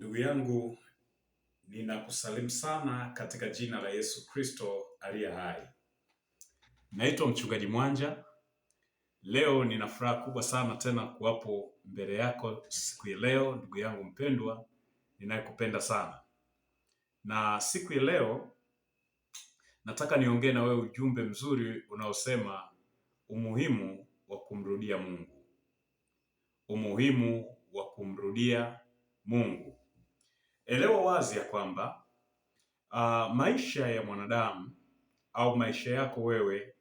Ndugu yangu, ninakusalimu sana katika jina la Yesu Kristo aliye hai. Naitwa Mchungaji Mwanja. Leo nina furaha kubwa sana tena kuwapo mbele yako siku ya leo, ndugu yangu mpendwa, ninayekupenda sana. Na siku ya leo nataka niongee na wewe ujumbe mzuri unaosema umuhimu wa kumrudia Mungu. Umuhimu wa kumrudia Mungu. Elewa wazi ya kwamba uh, maisha ya mwanadamu au maisha yako wewe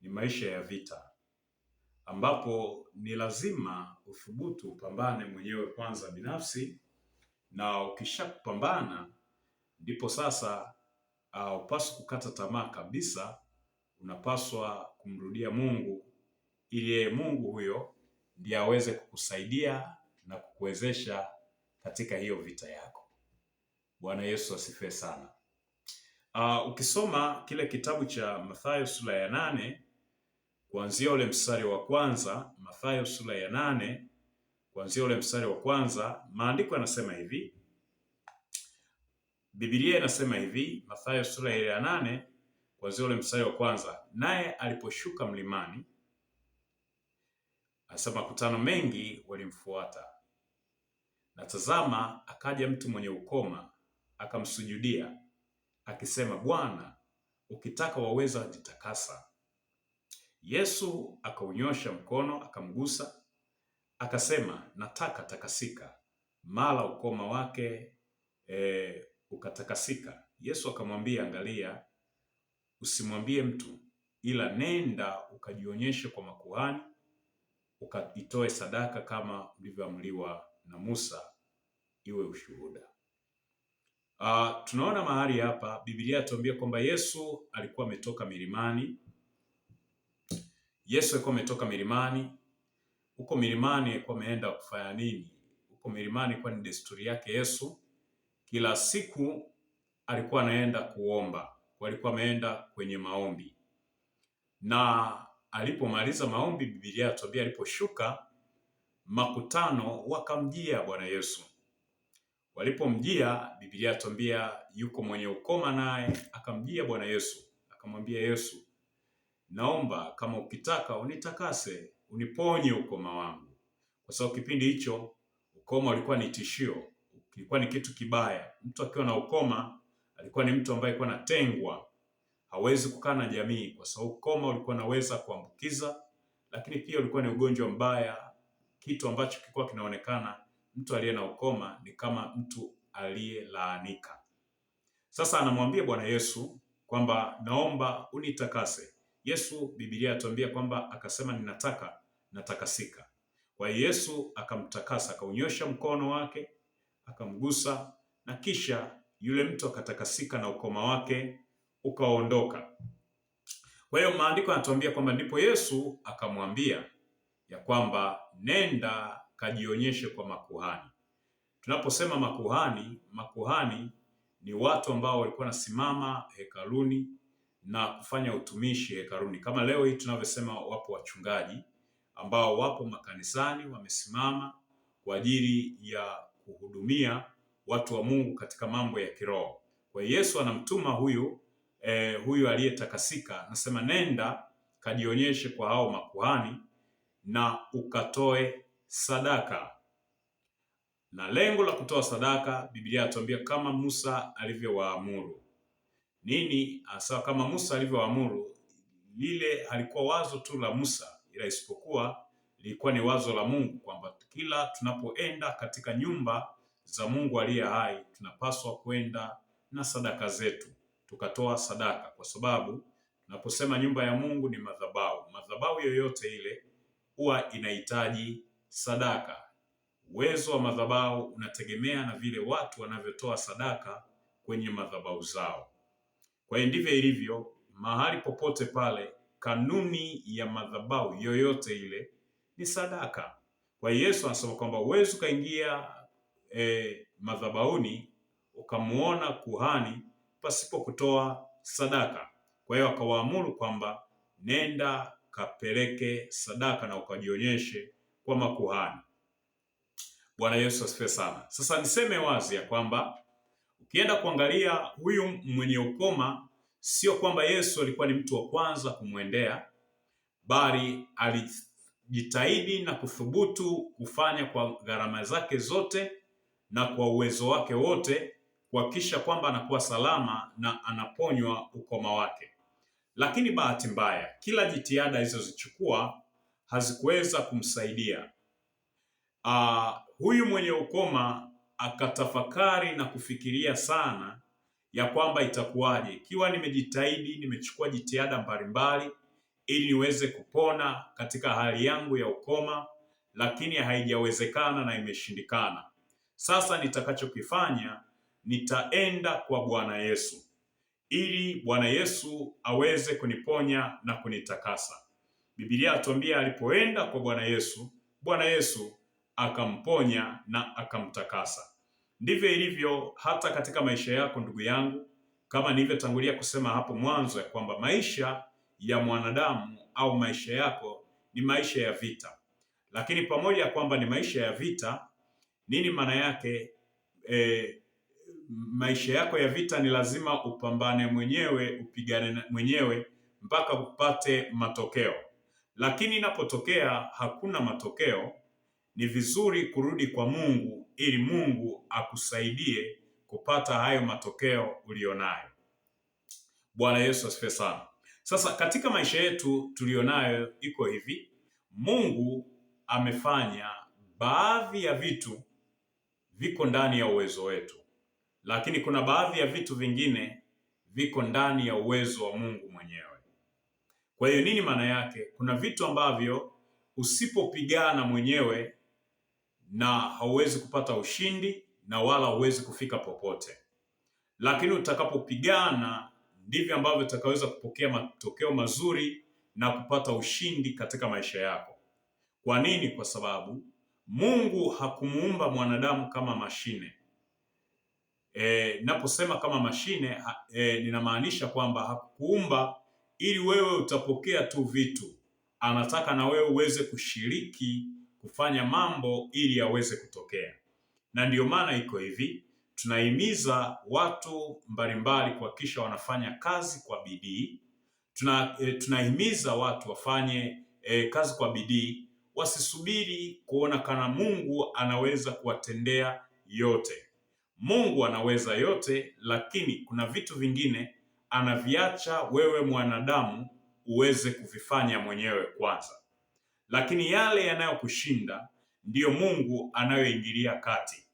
ni maisha ya vita, ambapo ni lazima uthubutu upambane mwenyewe kwanza binafsi, na ukisha kupambana ndipo sasa uh, ah, upaswa kukata tamaa kabisa. Unapaswa kumrudia Mungu ili yeye Mungu huyo ndiye aweze kukusaidia na kukuwezesha katika hiyo vita yako. Bwana Yesu asifiwe sana. Uh, ukisoma kile kitabu cha Mathayo sura ya nane kuanzia ule mstari wa kwanza, Mathayo sura ya nane kuanzia ule mstari wa kwanza, maandiko yanasema hivi, Biblia inasema hivi, Mathayo sura ya nane kuanzia ule mstari wa kwanza, naye aliposhuka mlimani, asema makutano mengi walimfuata, na tazama, akaja mtu mwenye ukoma akamsujudia akisema, Bwana, ukitaka waweza jitakasa. Yesu akaunyosha mkono akamgusa, akasema, nataka takasika. Mara ukoma wake e, ukatakasika. Yesu akamwambia, angalia, usimwambie mtu, ila nenda ukajionyeshe kwa makuhani, ukaitoe sadaka kama ulivyoamriwa na Musa, iwe ushuhuda. Uh, tunaona mahali hapa Biblia inatuambia kwamba Yesu alikuwa ametoka milimani. Yesu alikuwa ametoka milimani. Huko milimani alikuwa ameenda kufanya nini? Huko milimani kwa ni desturi yake Yesu, kila siku alikuwa anaenda kuomba, alikuwa ameenda kwenye maombi, na alipomaliza maombi, Biblia inatuambia aliposhuka, makutano wakamjia Bwana Yesu Walipomjia, Biblia atuambia yuko mwenye ukoma, naye akamjia Bwana Yesu akamwambia Yesu, naomba kama ukitaka unitakase, uniponye ukoma wangu, kwa sababu kipindi hicho ukoma ulikuwa ni tishio, ilikuwa ni kitu kibaya. Mtu akiwa na ukoma alikuwa ni mtu ambaye alikuwa anatengwa, hawezi kukaa na jamii, kwa sababu ukoma ulikuwa naweza kuambukiza, lakini pia ulikuwa ni ugonjwa mbaya, kitu ambacho kilikuwa kinaonekana mtu aliye na ukoma ni kama mtu aliyelaanika. Sasa anamwambia Bwana Yesu kwamba naomba unitakase. Yesu, Biblia yatuambia kwamba akasema ninataka natakasika. Kwa hiyo Yesu akamtakasa, akaunyosha mkono wake, akamgusa na kisha yule mtu akatakasika na ukoma wake ukaondoka. Kwa hiyo maandiko yanatuambia kwamba ndipo Yesu akamwambia ya kwamba nenda kajionyeshe kwa makuhani. Tunaposema makuhani, makuhani ni watu ambao walikuwa wanasimama hekaluni na kufanya utumishi hekaluni, kama leo hii tunavyosema wapo wachungaji ambao wapo makanisani wamesimama kwa ajili ya kuhudumia watu wa Mungu katika mambo ya kiroho. Kwa Yesu anamtuma huyu eh, huyu aliyetakasika, anasema nenda kajionyeshe kwa hao makuhani na ukatoe sadaka. Na lengo la kutoa sadaka, Biblia inatuambia kama Musa alivyowaamuru. Nini hasa kama Musa alivyowaamuru? Lile halikuwa wazo tu la Musa, ila isipokuwa lilikuwa ni wazo la Mungu kwamba kila tunapoenda katika nyumba za Mungu aliye hai tunapaswa kwenda na sadaka zetu, tukatoa sadaka, kwa sababu tunaposema nyumba ya Mungu ni madhabahu. Madhabahu yoyote ile huwa inahitaji sadaka. Uwezo wa madhabahu unategemea na vile watu wanavyotoa sadaka kwenye madhabahu zao. Kwa hiyo ndivyo ilivyo mahali popote pale, kanuni ya madhabahu yoyote ile ni sadaka. Kwa hiyo Yesu anasema kwamba uwezi ukaingia e, madhabahuni ukamuona kuhani pasipo kutoa sadaka. Kwa hiyo akawaamuru kwamba nenda kapeleke sadaka na ukajionyeshe kwa makuhani. Bwana Yesu asifiwe sana. Sasa niseme wazi ya kwamba ukienda kuangalia huyu mwenye ukoma, sio kwamba Yesu alikuwa ni mtu wa kwanza kumwendea, bali alijitahidi na kuthubutu kufanya kwa gharama zake zote na kwa uwezo wake wote kuhakikisha kwamba anakuwa salama na anaponywa ukoma wake. Lakini bahati mbaya, kila jitihada alizozichukua hazikuweza kumsaidia. Uh, huyu mwenye ukoma akatafakari na kufikiria sana ya kwamba itakuwaje ikiwa nimejitahidi, nimechukua jitihada mbalimbali ili niweze kupona katika hali yangu ya ukoma, lakini haijawezekana na imeshindikana. Sasa nitakachokifanya, nitaenda kwa Bwana Yesu ili Bwana Yesu aweze kuniponya na kunitakasa. Biblia atuambia alipoenda kwa Bwana Yesu, Bwana Yesu akamponya na akamtakasa. Ndivyo ilivyo hata katika maisha yako ndugu yangu, kama nilivyotangulia kusema hapo mwanzo ya kwamba maisha ya mwanadamu au maisha yako ni maisha ya vita, lakini pamoja ya kwamba ni maisha ya vita, nini maana yake? E, maisha yako ya vita ni lazima upambane mwenyewe, upigane mwenyewe mpaka upate matokeo lakini inapotokea hakuna matokeo, ni vizuri kurudi kwa Mungu ili Mungu akusaidie kupata hayo matokeo ulionayo. Bwana Yesu asifiwe sana. Sasa katika maisha yetu tuliyonayo iko hivi, Mungu amefanya baadhi ya vitu viko ndani ya uwezo wetu, lakini kuna baadhi ya vitu vingine viko ndani ya uwezo wa Mungu mwenyewe. Kwa hiyo nini maana yake? Kuna vitu ambavyo usipopigana mwenyewe na hauwezi kupata ushindi na wala huwezi kufika popote, lakini utakapopigana ndivyo ambavyo utakaweza kupokea matokeo mazuri na kupata ushindi katika maisha yako. Kwa nini? Kwa sababu Mungu hakumuumba mwanadamu kama mashine. E, naposema kama mashine e, ninamaanisha kwamba hakukuumba ili wewe utapokea tu vitu, anataka na wewe uweze kushiriki kufanya mambo ili yaweze kutokea. Na ndiyo maana iko hivi, tunahimiza watu mbalimbali kuhakikisha wanafanya kazi kwa bidii. Tuna, e, tunahimiza watu wafanye e, kazi kwa bidii, wasisubiri kuona kana Mungu anaweza kuwatendea yote. Mungu anaweza yote, lakini kuna vitu vingine anaviacha wewe mwanadamu uweze kuvifanya mwenyewe kwanza, lakini yale yanayokushinda ndiyo Mungu anayoingilia kati.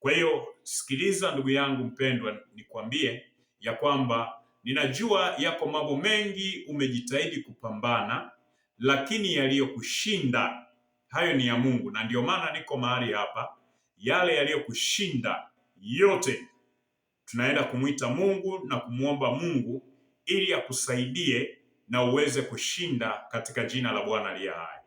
Kwa hiyo sikiliza, ndugu yangu mpendwa, nikwambie ya kwamba ninajua yako mambo mengi umejitahidi kupambana, lakini yaliyokushinda hayo ni ya Mungu, na ndiyo maana niko mahali hapa. Yale yaliyokushinda yote tunaenda kumwita Mungu na kumwomba Mungu ili akusaidie na uweze kushinda katika jina la Bwana aliye hai.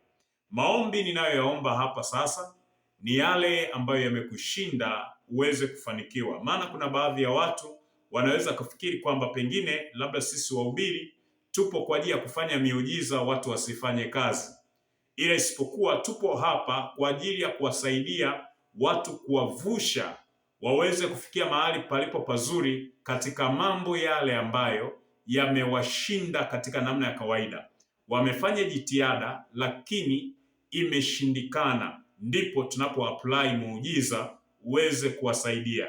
Maombi ninayoyaomba hapa sasa ni yale ambayo yamekushinda uweze kufanikiwa, maana kuna baadhi ya watu wanaweza kufikiri kwamba pengine labda sisi wahubiri tupo kwa ajili ya kufanya miujiza watu wasifanye kazi, ila isipokuwa tupo hapa kwa ajili ya kuwasaidia watu kuwavusha waweze kufikia mahali palipo pazuri katika mambo yale ambayo yamewashinda katika namna ya kawaida. Wamefanya jitihada lakini imeshindikana, ndipo tunapo apply muujiza uweze kuwasaidia.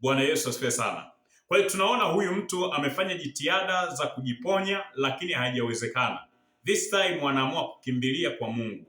Bwana Yesu asifiwe sana. Kwa hiyo tunaona huyu mtu amefanya jitihada za kujiponya lakini haijawezekana. This time anaamua kukimbilia kwa Mungu,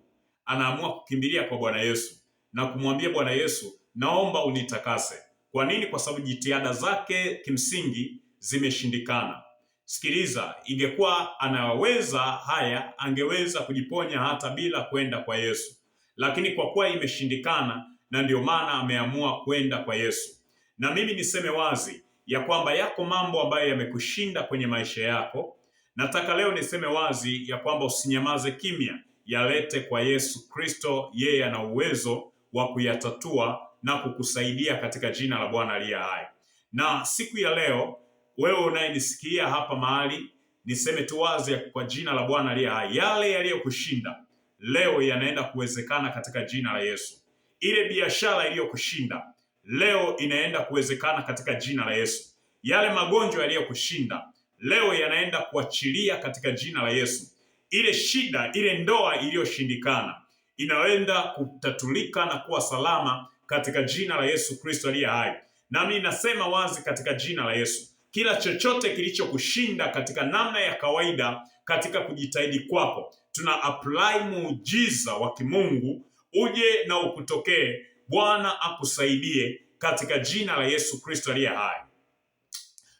anaamua kukimbilia kwa Bwana Yesu na kumwambia Bwana Yesu naomba unitakase. Kwa nini? Kwa sababu jitihada zake kimsingi zimeshindikana. Sikiliza, ingekuwa anaweza haya, angeweza kujiponya hata bila kwenda kwa Yesu, lakini kwa kuwa imeshindikana, na ndiyo maana ameamua kwenda kwa Yesu. Na mimi niseme wazi ya kwamba yako mambo ambayo yamekushinda kwenye maisha yako. Nataka leo niseme wazi ya kwamba usinyamaze kimya, yalete kwa Yesu Kristo. Yeye ana uwezo wa kuyatatua na kukusaidia katika jina la Bwana aliye hai. Na siku ya leo wewe unayenisikia hapa mahali, niseme tu wazi kwa jina la Bwana aliye hai, yale yaliyokushinda leo yanaenda kuwezekana katika jina la Yesu. Ile biashara iliyokushinda leo inaenda kuwezekana katika jina la Yesu. Yale magonjwa yaliyokushinda leo yanaenda kuachilia katika jina la Yesu. Ile shida, ile ndoa iliyoshindikana inaenda kutatulika na kuwa salama katika jina la Yesu Kristo aliye hai. Nami nasema wazi katika jina la Yesu, kila chochote kilichokushinda katika namna ya kawaida katika kujitahidi kwako, tuna apply muujiza wa kimungu uje na ukutokee. Bwana akusaidie katika jina la Yesu Kristo aliye hai.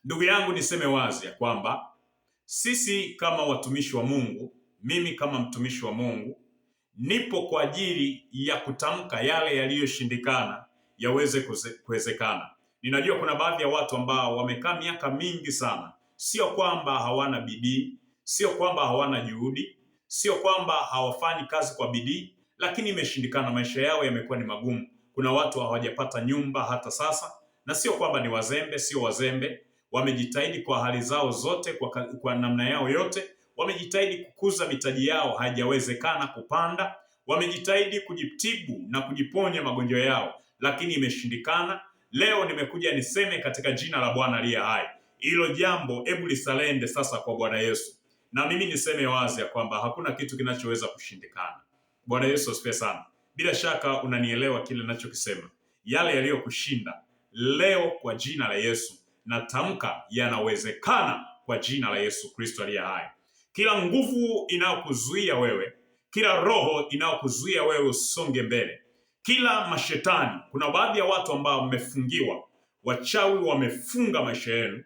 Ndugu yangu, niseme wazi ya kwamba sisi kama watumishi wa Mungu, mimi kama mtumishi wa Mungu nipo kwa ajili ya kutamka yale yaliyoshindikana yaweze kuwezekana. Ninajua kuna baadhi ya watu ambao wamekaa miaka mingi sana, sio kwamba hawana bidii, sio kwamba hawana juhudi, sio kwamba hawafanyi kazi kwa bidii, lakini imeshindikana. Maisha yao yamekuwa ni magumu. Kuna watu hawajapata nyumba hata sasa, na sio kwamba ni wazembe, sio wazembe, wamejitahidi kwa hali zao zote, kwa, kwa namna yao yote wamejitahidi kukuza mitaji yao, haijawezekana kupanda. Wamejitahidi kujitibu na kujiponya magonjwa yao, lakini imeshindikana. Leo nimekuja niseme katika jina la Bwana aliye hai, hilo jambo hebu lisalende sasa kwa Bwana Yesu. Na mimi niseme wazi ya kwamba hakuna kitu kinachoweza kushindikana. Bwana Yesu asifiwe sana. Bila shaka unanielewa kile ninachokisema. Yale yaliyokushinda leo kwa jina la Yesu natamka yanawezekana kwa jina la Yesu Kristo aliye hai kila nguvu inayokuzuia wewe, kila roho inayokuzuia wewe usonge mbele, kila mashetani. Kuna baadhi ya watu ambao mmefungiwa, wachawi wamefunga maisha yenu,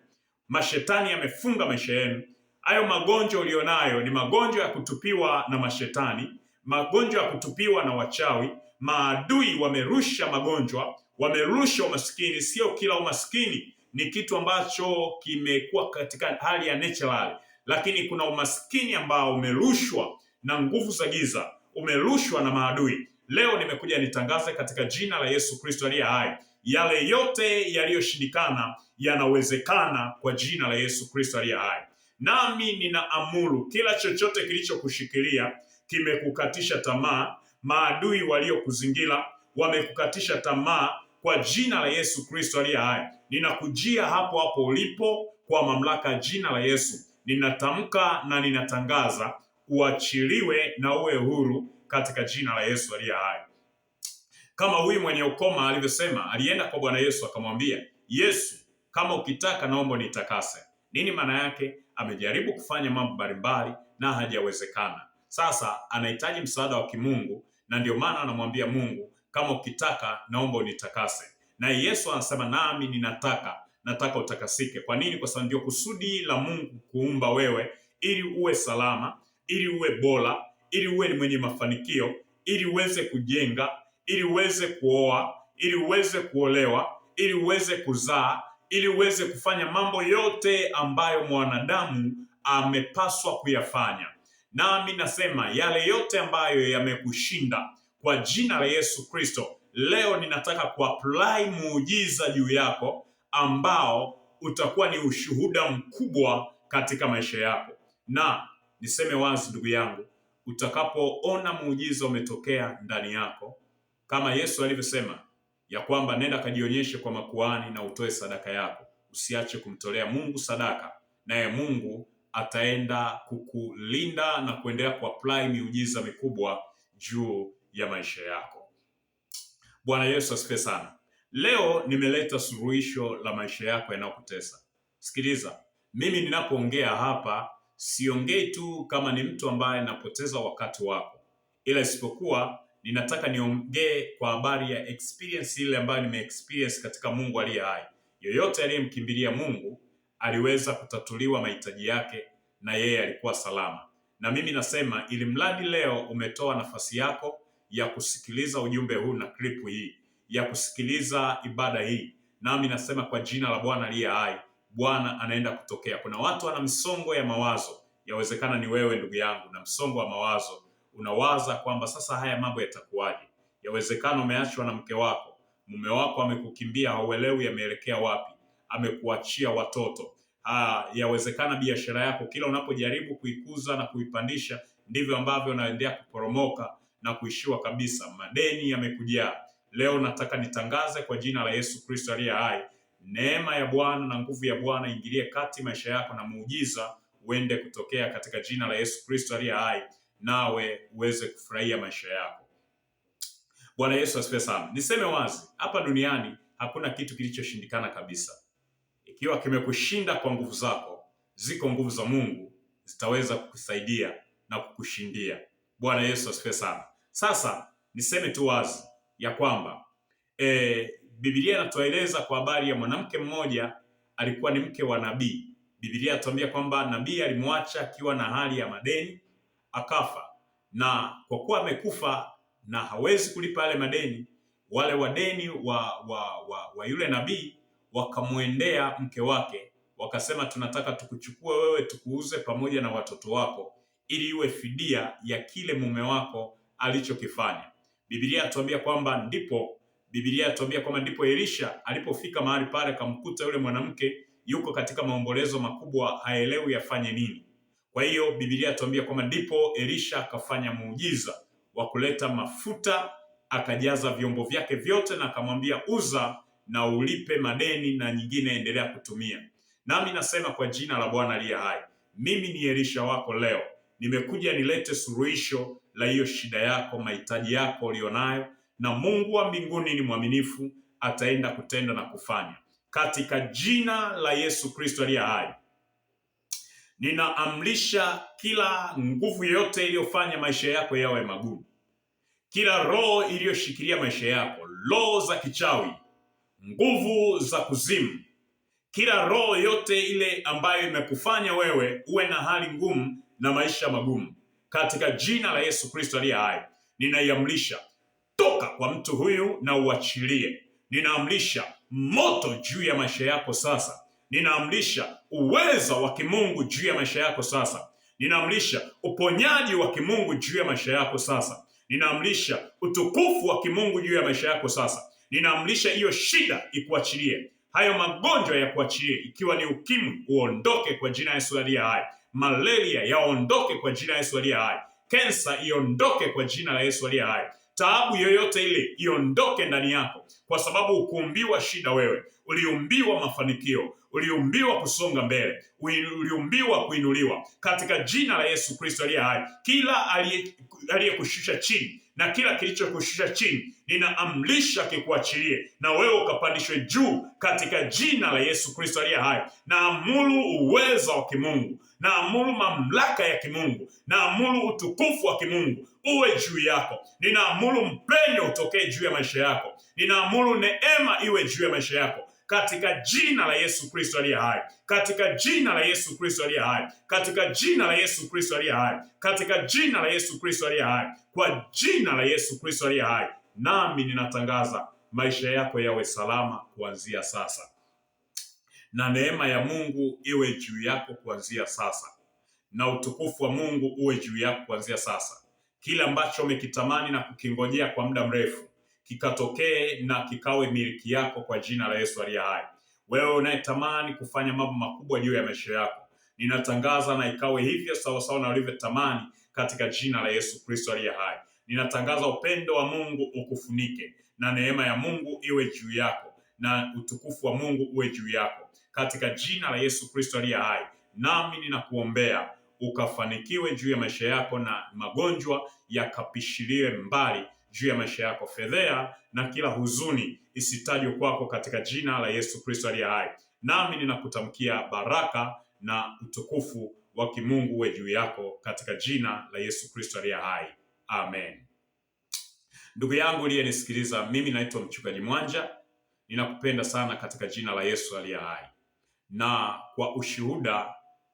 mashetani yamefunga maisha yenu. Hayo magonjwa ulionayo ni magonjwa ya kutupiwa na mashetani, magonjwa ya kutupiwa na wachawi. Maadui wamerusha magonjwa, wamerusha umaskini. Sio kila umaskini ni kitu ambacho kimekuwa katika hali ya natural lakini kuna umaskini ambao umerushwa na nguvu za giza, umerushwa na maadui. Leo nimekuja nitangaze katika jina la Yesu Kristo aliye hai, yale yote yaliyoshindikana yanawezekana kwa jina la Yesu Kristo aliye hai. Nami ninaamuru kila chochote kilichokushikilia kimekukatisha tamaa, maadui waliokuzingira wamekukatisha tamaa kwa jina la Yesu Kristo aliye hai. Ninakujia hapo hapo ulipo kwa mamlaka ya jina la Yesu ninatamka na ninatangaza uachiliwe na uwe huru katika jina la Yesu aliye hai. Kama huyu mwenye ukoma alivyosema, alienda kwa Bwana Yesu akamwambia, Yesu, kama ukitaka, naomba nitakase. Nini maana yake? Amejaribu kufanya mambo mbalimbali na hajawezekana. Sasa anahitaji msaada wa kimungu, na ndio maana anamwambia Mungu, kama ukitaka, naomba unitakase. Na Yesu anasema, nami ninataka nataka utakasike. Kwa nini? Kwa sababu ndio kusudi la Mungu kuumba wewe, ili uwe salama, ili uwe bora, ili uwe mwenye mafanikio, ili uweze kujenga, ili uweze kuoa, ili uweze kuolewa, ili uweze kuzaa, ili uweze kufanya mambo yote ambayo mwanadamu amepaswa kuyafanya. Nami nasema yale yote ambayo yamekushinda kwa jina la Yesu Kristo, leo ninataka kuapply muujiza juu yako ambao utakuwa ni ushuhuda mkubwa katika maisha yako. Na niseme wazi, ndugu yangu, utakapoona muujiza umetokea ndani yako, kama Yesu alivyosema ya kwamba nenda kajionyeshe kwa makuhani na utoe sadaka yako, usiache kumtolea Mungu sadaka, naye Mungu ataenda kukulinda na kuendelea kuapply miujiza mikubwa juu ya maisha yako. Bwana Yesu asifiwe sana. Leo nimeleta suluhisho la maisha yako yanayokutesa. Sikiliza, mimi ninapoongea hapa siongei tu kama ni mtu ambaye napoteza wakati wako, ila isipokuwa ninataka niongee kwa habari ya experience ile ambayo experience katika Mungu aliye hai. Yoyote aliyemkimbilia Mungu aliweza kutatuliwa mahitaji yake, na yeye alikuwa salama. Na mimi nasema ili mradi leo umetoa nafasi yako ya kusikiliza ujumbe huu na klipu hii ya kusikiliza ibada hii, nami nasema kwa jina la Bwana aliye hai, Bwana anaenda kutokea. Kuna watu wana msongo ya mawazo, yawezekana ni wewe ndugu yangu, na msongo wa mawazo unawaza kwamba sasa haya mambo yatakuwaje? Yawezekana umeachwa na mke wako, mume wako amekukimbia, hauelewi yameelekea wapi, amekuachia watoto. Ah, yawezekana biashara yako, kila unapojaribu kuikuza na kuipandisha, ndivyo ambavyo unaendelea kuporomoka na kuishiwa kabisa. Madeni yamekujaa Leo nataka nitangaze kwa jina la Yesu Kristo aliye hai, neema ya Bwana na nguvu ya Bwana ingilie kati maisha yako na muujiza uende kutokea katika jina la Yesu Kristo aliye hai, nawe uweze kufurahia maisha yako. Bwana Yesu asifiwe sana. Niseme wazi, hapa duniani hakuna kitu kilichoshindikana kabisa. Ikiwa kimekushinda kwa nguvu zako, ziko nguvu za Mungu zitaweza kukusaidia na kukushindia. Bwana Yesu asifiwe sana. Sasa niseme tu wazi ya kwamba e, Biblia inatueleza kwa habari ya mwanamke mmoja alikuwa ni mke wa nabii. Biblia inatuambia kwamba nabii alimwacha akiwa na hali ya madeni akafa, na kwa kuwa amekufa na hawezi kulipa yale madeni, wale wadeni wa, wa, wa, wa yule nabii wakamwendea mke wake wakasema, tunataka tukuchukue wewe tukuuze pamoja na watoto wako ili iwe fidia ya kile mume wako alichokifanya. Biblia yatuambia kwamba ndipo Biblia inatuambia kwamba ndipo Elisha alipofika mahali pale akamkuta yule mwanamke yuko katika maombolezo makubwa, haelewi afanye nini. Kwa hiyo Biblia inatuambia kwamba ndipo Elisha akafanya muujiza wa kuleta mafuta, akajaza vyombo vyake vyote, na akamwambia uza na ulipe madeni, na nyingine endelea kutumia. Nami nasema kwa jina la Bwana aliye hai, mimi ni Elisha wako leo nimekuja nilete suluhisho la hiyo shida yako, mahitaji yako ulionayo, na Mungu wa mbinguni ni mwaminifu, ataenda kutenda na kufanya katika jina la Yesu Kristo aliye hai. Ninaamrisha kila nguvu yoyote iliyofanya maisha yako yawe magumu, kila roho iliyoshikilia maisha yako, roho za kichawi, nguvu za kuzimu, kila roho yote ile ambayo imekufanya wewe uwe na hali ngumu na maisha magumu, katika jina la Yesu Kristo aliye hai, ninaiamrisha toka kwa mtu huyu na uachilie. Ninaamrisha moto juu ya maisha yako sasa. Ninaamrisha uwezo wa kimungu juu ya maisha yako sasa. Ninaamrisha uponyaji wa kimungu juu ya maisha yako sasa. Ninaamrisha utukufu wa kimungu juu ya maisha yako sasa. Ninaamrisha hiyo shida ikuachilie, hayo magonjwa ya kuachilie, ikiwa ni ukimwi uondoke kwa jina la Yesu aliye hai. Malaria yaondoke kwa jina la Yesu aliye hai. Kensa iondoke kwa jina la Yesu aliye hai. Taabu yoyote ile iondoke ndani yako, kwa sababu hukuumbiwa shida wewe uliumbiwa mafanikio, uliumbiwa kusonga mbele, uliumbiwa kuinuliwa katika jina la Yesu Kristo aliye hai. Kila aliyekushusha chini na kila kilichokushusha chini ninaamrisha kikuachilie, na wewe ukapandishwe juu katika jina la Yesu Kristo aliye hai. Naamuru uweza wa kimungu, naamuru mamlaka ya kimungu, naamuru utukufu wa kimungu uwe juu yako, ninaamuru mpendo utokee juu ya maisha yako ninaamuru neema iwe juu ya maisha yako katika jina la Yesu Kristo aliye hai, katika jina la Yesu Kristo aliye hai, katika jina la Yesu Kristo aliye hai, katika jina la Yesu Kristo aliye hai, kwa jina la Yesu Kristo aliye hai. Nami ninatangaza maisha yako yawe salama kuanzia sasa, na neema ya Mungu iwe juu yako kuanzia sasa, na utukufu wa Mungu uwe juu yako kuanzia sasa. Kila ambacho umekitamani na kukingojea kwa muda mrefu kikatokee na kikawe miliki yako kwa jina la Yesu aliye hai. Wewe unayetamani kufanya mambo makubwa juu ya maisha yako, ninatangaza na ikawe hivyo sawasawa na ulivyotamani katika jina la Yesu Kristo aliye hai. Ninatangaza upendo wa Mungu ukufunike na neema ya Mungu iwe juu yako na utukufu wa Mungu uwe juu yako katika jina la Yesu Kristo aliye hai. Nami ninakuombea ukafanikiwe juu ya maisha yako na magonjwa yakapishiliwe mbali juu ya maisha yako, fedhea na kila huzuni isitajwe kwako katika jina la Yesu Kristo aliye hai. Nami ninakutamkia baraka na utukufu wa kimungu we juu yako katika jina la Yesu Kristo aliye hai, amen. Ndugu yangu uliyenisikiliza, mimi naitwa Mchungaji Mwanja, ninakupenda sana katika jina la Yesu aliye hai, na kwa ushuhuda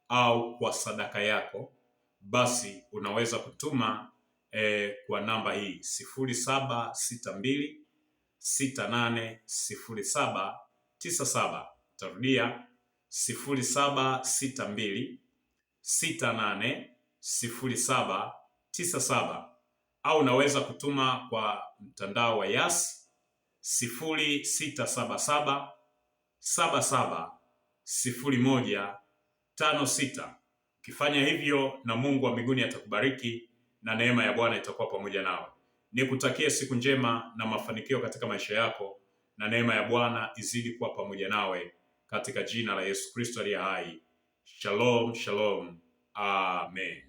au kwa sadaka yako, basi unaweza kutuma e, kwa namba hii sifuri saba sita mbili sita nane sifuri saba tisa saba. Tarudia sifuri saba sita mbili sita nane sifuri saba tisa saba, au unaweza kutuma kwa mtandao wa Yas sifuri sita saba saba saba saba sifuri moja tano sita. Ukifanya hivyo na Mungu wa mbinguni atakubariki na neema ya Bwana itakuwa pamoja nawe. Nikutakie siku njema na mafanikio katika maisha yako, na neema ya Bwana izidi kuwa pamoja nawe katika jina la Yesu Kristo aliye hai. Shalom, shalom. Amen.